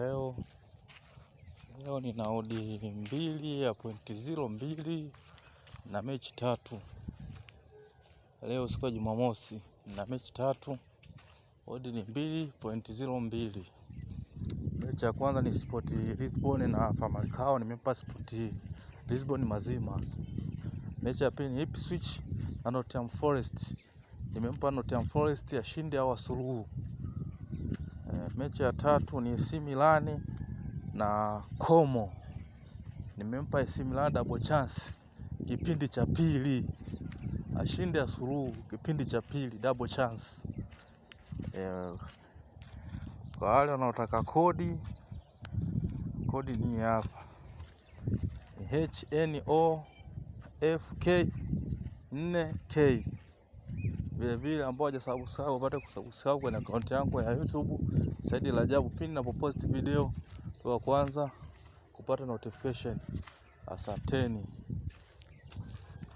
Leo leo nina odi mbili ya pointi ziro mbili na mechi tatu. Leo siku ya Jumamosi na mechi tatu, odi ni mbili pointi ziro mbili. Mechi ya kwanza ni Sport Lisbon na Famalicao, nimempa Sport Lisbon mazima. Mechi ya pili ni Ipswich na Nottingham Forest, nimempa Nottingham Forest ashinde au asuluhu. Eh, mechi ya tatu ni AC Milan na Como. Nimempa AC Milan double chance kipindi cha pili, ashinde asuluhu kipindi cha pili, double chance eh. Kwa wale wanaotaka kodi, kodi ni hapa fk 4K vilevile ambao hawajasubscribe wapate kusubscribe kwenye akaunti yangu ya YouTube Saidi Rajabu, pindi ninapopost video wa kwanza kupata notification. Asanteni.